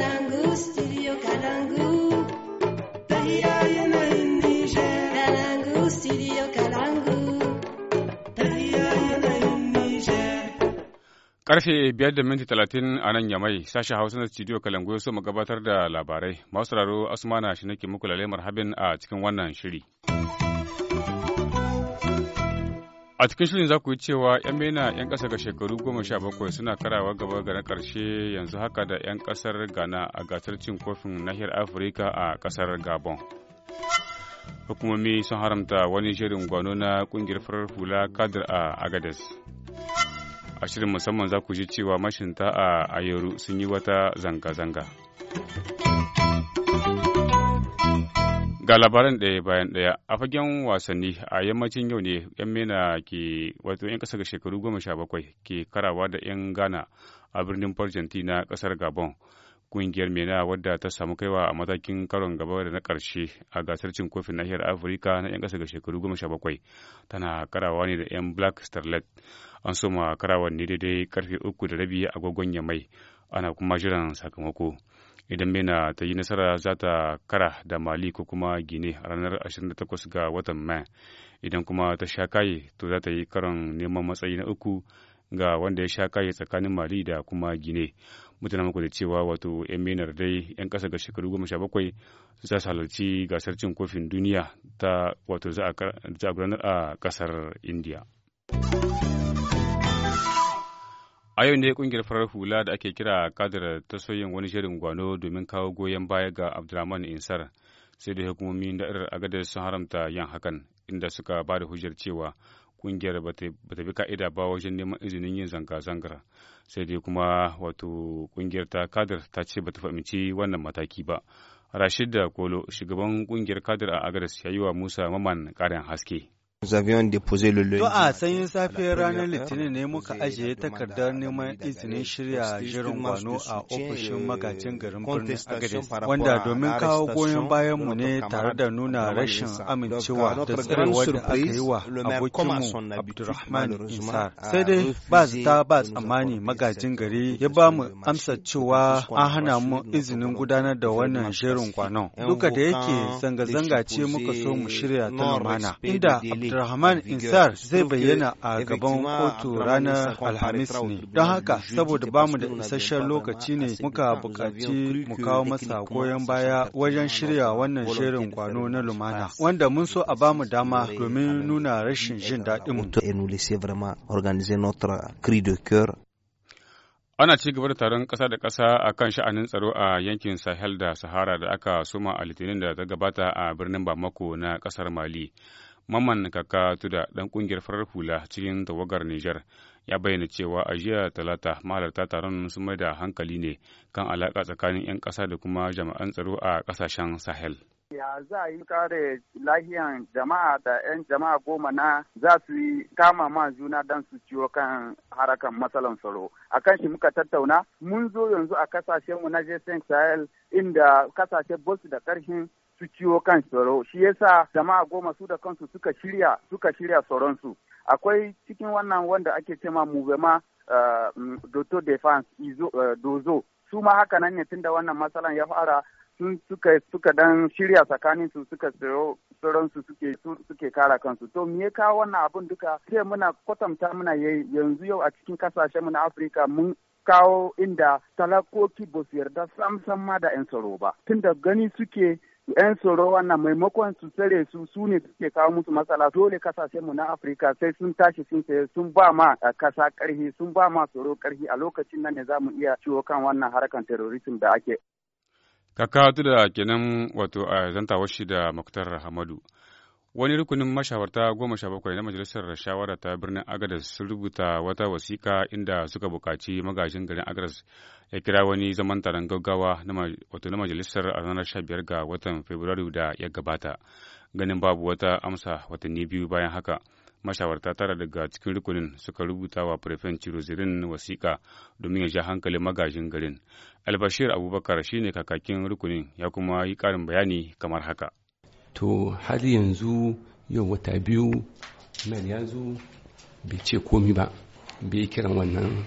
studio Karfe biyar da minti talatin a nan Yamai, sashen Hausa na studio Kalangu so mu gabatar da labarai. Masu raro Asmana shi nake muku lalemar habin a cikin wannan shiri. A cikin shirin za ku yi cewa 'yan mena 'yan ƙasa ga shekaru goma sha bakwai suna karawa gaba ga na ƙarshe yanzu haka da 'yan ƙasar Ghana a gasar cin kofin nahiyar Afirka a ƙasar Gabon. Hukumomi sun haramta wani shirin gwano na ƙungiyar farar hula kadir a agadez A shirin musamman za ku ji cewa mashinta a Ayoru sun yi wata zanga-zanga. Ga labaran ɗaya bayan ɗaya a fagen wasanni a yammacin yau ne 'yan mena ke wato 'yan ga shekaru goma sha bakwai ke karawa da 'yan Ghana a birnin Farjanti na ƙasar Gabon. Ƙungiyar mena wadda ta samu kaiwa a matakin karon gaba da na karshe a gasar cin kofin nahiyar Afirka na 'yan ga shekaru goma sha bakwai tana karawa ne da 'yan Black Starlet. An soma karawar ne daidai karfe uku da rabi agogon Yamai ana kuma jiran sakamako. idan mena ta yi nasara za ta kara da mali ko kuma gine a ranar 28 ga watan mai idan kuma ta sha kaye to za ta yi karon neman matsayi na uku ga wanda ya sha kaye tsakanin mali da kuma gine mutane muku da cewa wato yan menar dai yan kasa ga shekaru goma sha bakwai za su halarci gasar cin kofin duniya ta wato za a a kasar india. A yau ne kungiyar farar hula da ake kira kadar ta soyin wani shirin gwano domin kawo goyon baya ga Abdulrahman Insar sai da da da'irar agadar sun haramta yin hakan inda suka ba da hujjar cewa kungiyar ba ta bi ka'ida ba wajen neman izinin yin zanga-zangar sai dai kuma wato kungiyar ta kadar ta ce ba ta fahimci wannan mataki ba. Rashid da Kolo shugaban kungiyar kadar a agadar ya yi wa Musa Maman ƙarin haske. To a sanyin safiyar ranar Litinin ne muka ajiye takardar neman izinin shirya jirin wano a ofishin magajin garin birnin Agadez, wanda domin kawo goyon mu ne tare da nuna rashin amincewa da tsirewar da aka yi wa abokinmu Abdulrahman Isa. Sai dai ba zata ba tsammani magajin gari ya ba mu amsa cewa an hana mu izinin gudanar da wannan shirin kwanon. Duka da yake zanga-zanga ce muka so mu shirya ta lumana, inda Abdulrahman Insar zai bayyana a gaban kotu ranar Alhamis ne. Don haka, saboda bamu da isasshen lokaci ne muka bukaci mu kawo masa goyon baya wajen shirya wannan shirin kwano na lumana, wanda mun so a bamu dama domin nuna rashin jin daɗinmu. Ana ci gaba da taron ƙasa da ƙasa a kan sha'anin tsaro a yankin Sahel da Sahara da aka suma a Litinin da ta gabata a birnin Bamako na ƙasar Mali. Mamman Kaka Tuda ɗan ƙungiyar farar hula cikin tawagar Nijar ya bayyana cewa a jiya talata mahalarta taron sun mai da hankali ne kan alaƙa tsakanin 'yan ƙasa da kuma jami'an tsaro a ƙasashen Sahel. ya za a yi kare lahiyan jama'a da 'yan jama'a goma na za su yi kama ma juna don su ciwo kan harakan matsalan tsaro a kan shi muka tattauna mun zo yanzu a kasashenmu na jason sahel inda kasashe basu da karhin su ciwo kan tsaro shi yasa jama'a goma su da kansu suka shirya suka shirya tsaronsu akwai cikin wannan wanda ake cema mubema uh, doto defense izo, eh, dozo su ma haka nan ne tunda wannan matsalan ya fara sun suka suka dan shirya tsakanin su suka tsiro suke suke kara kansu to me ya kawo wannan abun duka sai muna kwatanta muna yanzu yau a cikin kasashen mu na Afirka mun kawo inda talakoki ba su yarda sam sam ma da 'yan tsaro ba tunda gani suke 'yan tsoro wannan maimakon su tsare su su ne suke kawo musu matsala dole kasashen mu na afirka sai sun tashi sun saye sun ba ma eh, kasa karhi sun ba ma tsoro karhi a lokacin nan ne za mu iya ciwo kan wannan harkan terrorism da ake kakatu da kenan wato a eh, zanta shi da muktar hamadu Wani rukunin mashawarta goma sha bakwai na majalisar shawara ta birnin Agadas sun rubuta wata wasiƙa inda suka buƙaci magajin garin Agadas ya kira wani zaman taron gaggawa wato na majalisar a ranar sha biyar ga watan Fabrairu da ya gabata. Ganin babu wata amsa watanni biyu bayan haka. Mashawarta tara daga cikin rukunin suka rubuta wa Firfen Cirozirin wasiƙa domin ya sha hankalin magajin garin. Albashir Abubakar shine kakakin rukunin ya kuma yi ƙarin bayani kamar haka. to hali yanzu yau wata biyu mai ya zo bai ce komi ba bai kiran wannan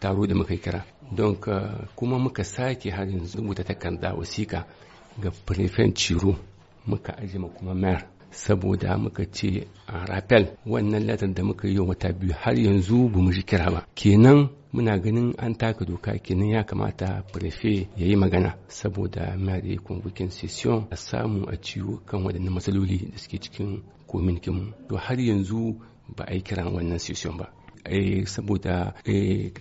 taro da muka kira don kuma muka sake hali yanzu rubuta takarda wasiƙa ga prefen ciro muka aje kuma mayar saboda muka ce a rafel wannan latar da muka yi wata biyu har yanzu ba mu ji kira ba kenan muna ganin an taka doka kenan ya kamata prefe ya yi magana saboda muna da session a samu a ciwo kan waɗannan matsaloli da suke cikin mu to har yanzu ba a yi kiran wannan session ba saboda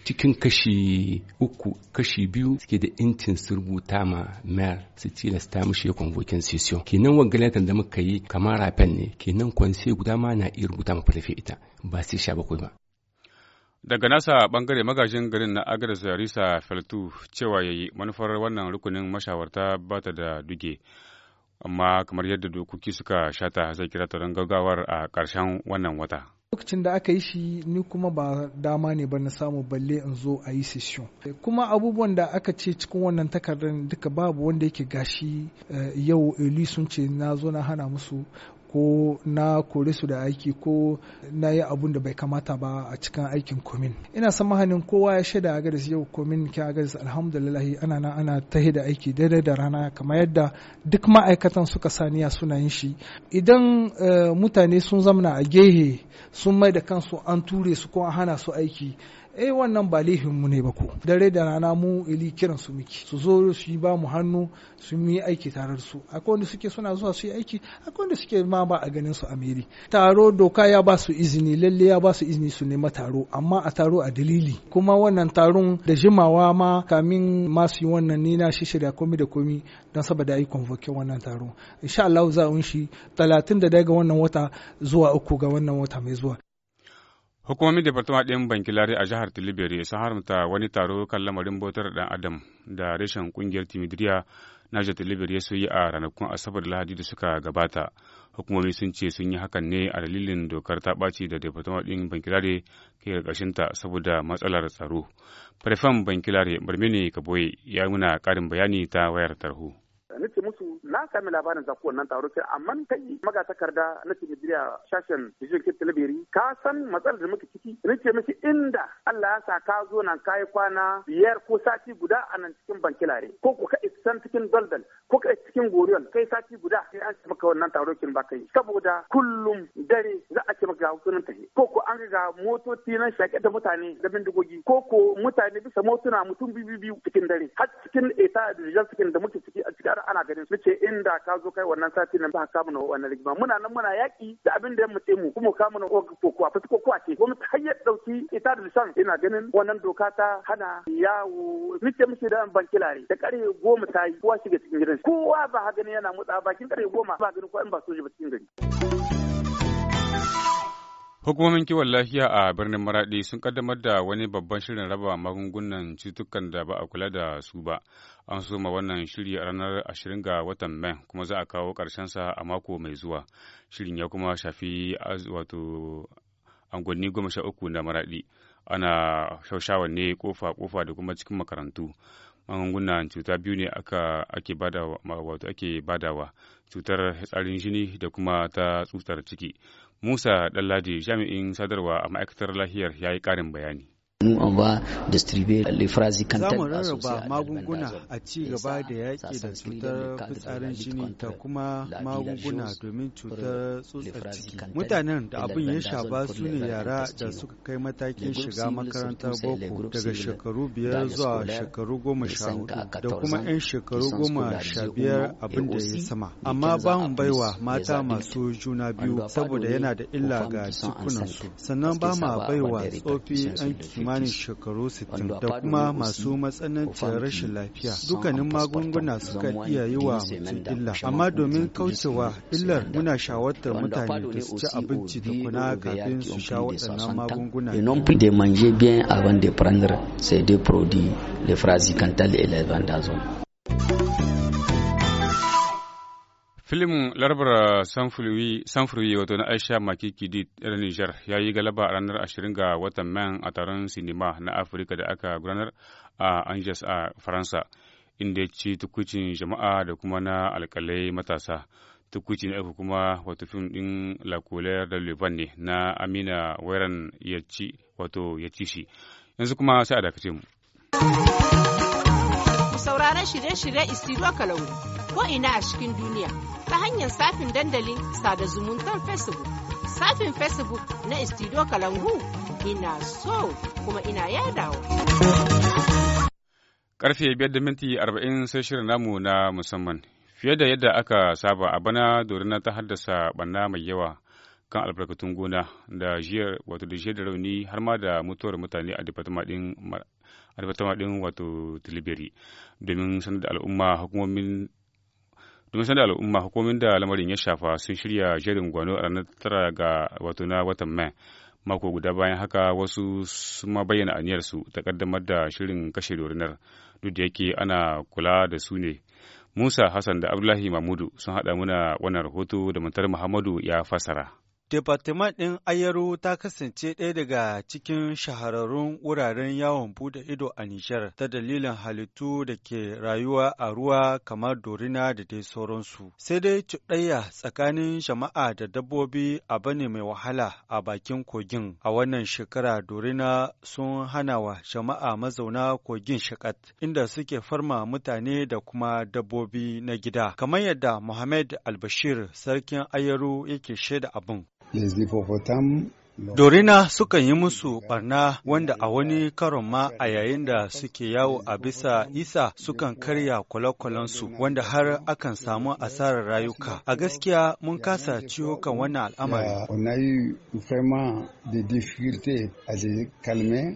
cikin kashi uku kashi biyu suke da intin su rubuta ma mayar su tilasta mishi ya convokin session kenan wangalatar da muka yi kamar rafen ne kenan kwanse guda ma na iya rubuta ma farfe ita ba sai sha bakwai ba daga nasa bangare magajin garin na agar zarisa feltu cewa ya yi manufar wannan rukunin mashawarta ba ta da duge amma kamar yadda dokoki suka shata zai kira taron gaggawar a ƙarshen wannan wata. lokacin da aka yi shi ni kuma ba dama ne ba na samu balle in zo a yi session kuma abubuwan da aka ce cikin wannan takardar duka babu wanda yake gashi eh, yau eli eh, sun ce na zo na hana musu ko na kore su da aiki ko na yi abun da bai kamata ba a cikin aikin komin ina san mahanin kowa ya shaida agadis yau komin ke agadis alhamdulillah ana na ana ta da aiki daidai da rana kamar yadda duk ma'aikatan suka saniya suna yin shi idan eh, mutane sun zamana a gehe sun mai da kansu an ture su ko an hana su aiki eh wannan ba mu ne ba ko dare da rana mu ili kiran su miki su zo su yi ba mu hannu su yi aiki tare da su akwai wanda suke suna zuwa su yi aiki akwai wanda suke ma ba a ganin su amiri taro doka ya ba su izini lalle ya ba su izini su nema taro amma a taro a dalili kuma wannan taron da jimawa ma kamin ma su yi wannan ni na shi shirya komi da komi don saboda ayi convoke wannan taro insha Allah za a shi 31 ga wannan wata zuwa uku ga wannan wata mai zuwa Hukumomin Departement ɗin Bankilare a jihar Tilibiri sun haramta wani taro kan lamarin bautar ɗan Adam da reshen ƙungiyar Timidiriya na jihar Tilibiri su yi a ranakun Asabar Lahadi da suka gabata. Hukumomi sun ce sun yi hakan ne a dalilin dokar ta ɓaci da Departement ɗin Bankilare ke ƙarƙashinta saboda matsalar tsaro. Farfan Bankilare Barmene Kaboye ya muna ƙarin bayani ta wayar tarho. nace musu na sami labarin zakuwan nan taro sai amma kai maga takarda na Nigeria sashen Vision Kit Talabiri ka san matsalar da muke ciki nace miki inda Allah ya sa ka zo nan kai kwana biyar ko sati guda a nan cikin bankilare ko ku ka isan cikin daldal ko ka cikin goriyon kai sati guda sai an ce maka wannan taro kin ba kai saboda kullum dare za a ce maka hukunan tafi ko ku an ga motoci nan shaƙe da mutane da bindigogi ko ko mutane bisa motuna mutum biyu biyu cikin dare har cikin eta da cikin da muke cutar ana ganin su ce inda ka zo kai wannan sati nan ba kamun wannan rigima muna nan muna yaki da abin da ya mutse mu kuma ka ko na kokowa fa kokowa ce kuma har ya dauki ita da lisan ina ganin wannan doka ta hana yawo muke musu da kilare da kare goma ta yi kowa shiga cikin gidan kowa ba ha gani yana mutsa bakin kare goma ba gani ko in ba soji ba cikin gari Hukumomin kiwon lafiya a birnin Maraɗi sun kaddamar da wani babban shirin raba magungunan cutukan da ba a kula da su ba. An soma wannan shiri a ranar 20 ga watan Mai kuma za a kawo sa a mako mai zuwa. Shirin ya kuma shafi wato angonni goma sha uku na Maraɗi. Ana shaushawan ne kofa-kofa da kuma cikin makarantu. magungunan cuta biyu ne aka ake badawa badawa cutar hatsarin jini da kuma ta tsutsar ciki Musa Ɗanladi jami'in sadarwa a ma'aikatar lahiyar ya yi ƙarin bayani. nous an ba distribuer rarraba magunguna a ci gaba da yaƙi da cutar fitsarin jini ta kuma magunguna domin cutar tsotsar ciki mutanen da abin ya shafa su ne yara da suka kai matakin shiga makarantar boko daga shekaru biyar zuwa shekaru goma sha hudu da kuma 'yan shekaru goma sha biyar abin da ya sama amma ba mu baiwa mata masu juna biyu saboda yana da illa ga cikunansu sannan ba ma baiwa tsofi 'yan kimanin shekaru 60 da kuma masu matsananciyar rashin lafiya dukkanin magunguna suka iya yi wa mutum illa amma domin kaucewa illar muna shawartar mutane da su ci abinci tukuna kafin su sha waɗannan magunguna de manger bien avant de prendre ces deux produits, le phrasicantale et le vandazole. filin Larabar Sanfurwi wato na Aisha Makiki di ɗan Nijar ya yi galaba a ranar 20 ga watan Man a taron sinima na Afirka da aka gudanar a Angers a Faransa, inda ya ci tukucin jama'a da kuma na alkalai matasa. Tukuci na uku kuma wato fim ɗin La Colère de ne na Amina Wairan ya ci wato ya ci shi. Yanzu kuma sai a dakace mu. Sauraron shirye-shirye Isidro ko'ina a cikin duniya ta hanyar safin dandalin sada zumuntar facebook safin facebook na istido kalangu ina so kuma ina yadawa karfe 5.40 sai shirin namu na musamman fiye da yadda aka saba a bana dorina ta haddasa banna mai yawa kan albarkatun gona da jiyar wato da jiyar da rauni har ma da mutuwar mutane a departament din wato tilibiri domin sanar da al'umma hukumomin domin sanar al'umma hukumin da lamarin ya shafa sun shirya jerin gwano a ranar tara ga wato na watan Mai. Mako guda bayan haka wasu sun ma bayyana aniyarsu ta kaddamar da shirin kashe dorinar duk da yake ana kula da su ne. Musa Hassan da Abdullahi Mahmudu sun haɗa muna wannan rahoto da mutar Muhammadu ya fasara. Departement ɗin Ayaru ta kasance ɗaya daga cikin shahararrun wuraren yawon buɗe ido a Nijar ta dalilin halittu da ke rayuwa a ruwa kamar dorina da dai sauransu. Sai dai cuɗayya tsakanin jama'a da dabbobi abu ne mai wahala a bakin kogin. A wannan shekara dorina sun hana wa jama'a mazauna kogin shakat inda suke farma mutane da kuma dabbobi na gida. Kamar yadda Muhammad Albashir sarkin Ayaru yake shaida abin. les hippopotames Dorina sukan yi musu barna wanda a wani karon ma a yayin da suke yawo a bisa isa sukan karya kwale su wanda har akan samu asarar rayuka. A gaskiya mun kasa ciwo kan wannan al'amari.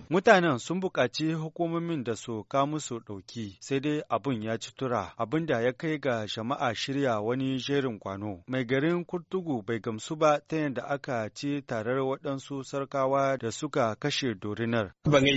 Mutanen sun buƙaci hukumomin da su ka musu ɗauki sai dai abun ya ci tura abin da ya kai ga jama'a shirya wani jerin kwano. Mai garin Kurtugu bai gamsu ba ta yadda aka ci tarar waɗansu waɗansu sarkawa da suka kashe dorinar.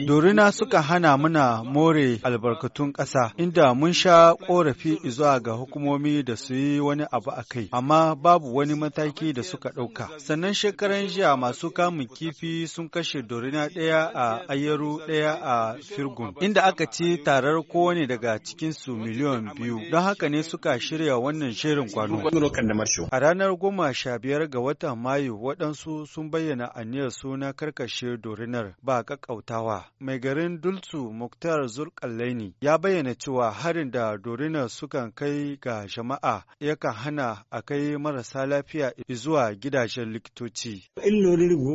Dorina suka hana muna more albarkatun ƙasa, inda mun sha ƙorafi zuwa ga hukumomi da su yi wani abu a kai, amma babu wani mataki da suka ɗauka. Sannan shekaran jiya masu kamun kifi sun kashe dorina ɗaya a ayyaru ɗaya a Firgun, inda aka ci tarar kowane daga cikinsu miliyan biyu, don haka ne suka shirya wannan shirin kwano. A ranar goma sha biyar ga watan Mayu waɗansu sun bayyana aniyar suna karkashe dorinar ba kakkautawa. Mai garin Dultsu Muktar zulkalaini ya bayyana cewa harin da dorinar sukan kai ga jama'a yakan hana a kai marasa lafiya zuwa gidajen likitoci.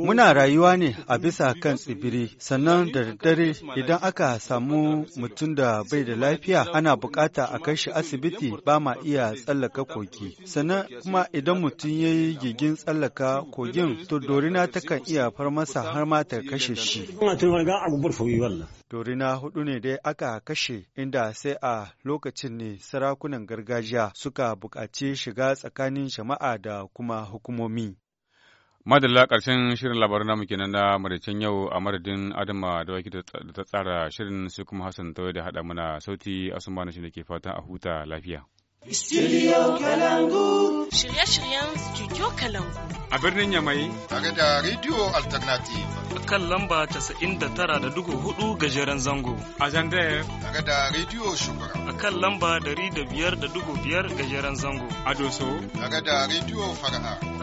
Muna rayuwa ne a bisa kan tsibiri, sannan da daddare idan aka samu mutum da bai da lafiya ana bukata a kai shi asibiti ba ma iya tsallaka kogi. Sannan kuma idan mutum ya yi gigin tsallaka kogin to dorina ta kan iya far masa har ma ta kashe shi. Dorina hudu ne dai aka kashe inda sai a lokacin ne sarakunan gargajiya suka buƙaci shiga tsakanin jama'a da kuma hukumomi. Madalla ƙarshen shirin labarin namu kenan na maraicen yau a madadin Adama da da ta tsara shirin sai kuma Hassan Tawai da haɗa mana sauti asuma shi da ke fatan a huta lafiya. Studio Kalangu. Shirye-shiryen Studio Kalangu. A birnin Yamai. Tare da Radio Alternative. A Kan lamba 99.4 gajeren zango. A Zandaya. Tare da Radio Shugura. A kan lamba 105.5 gajeren zango. A Doso. Tare da Radio faraha.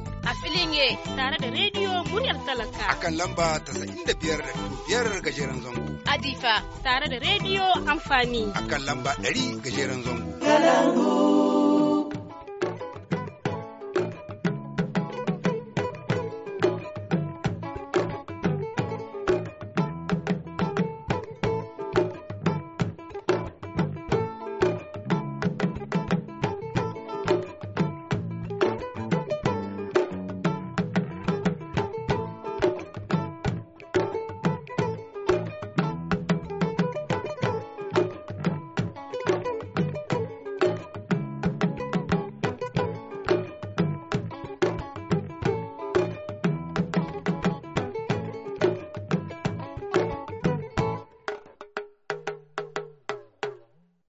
Filinge tare da rediyo muryar talaka. Akan lamba ta da biyar biyar gajeren zango. Adifa tare da rediyo amfani. Akan lamba ɗari gajeren zango.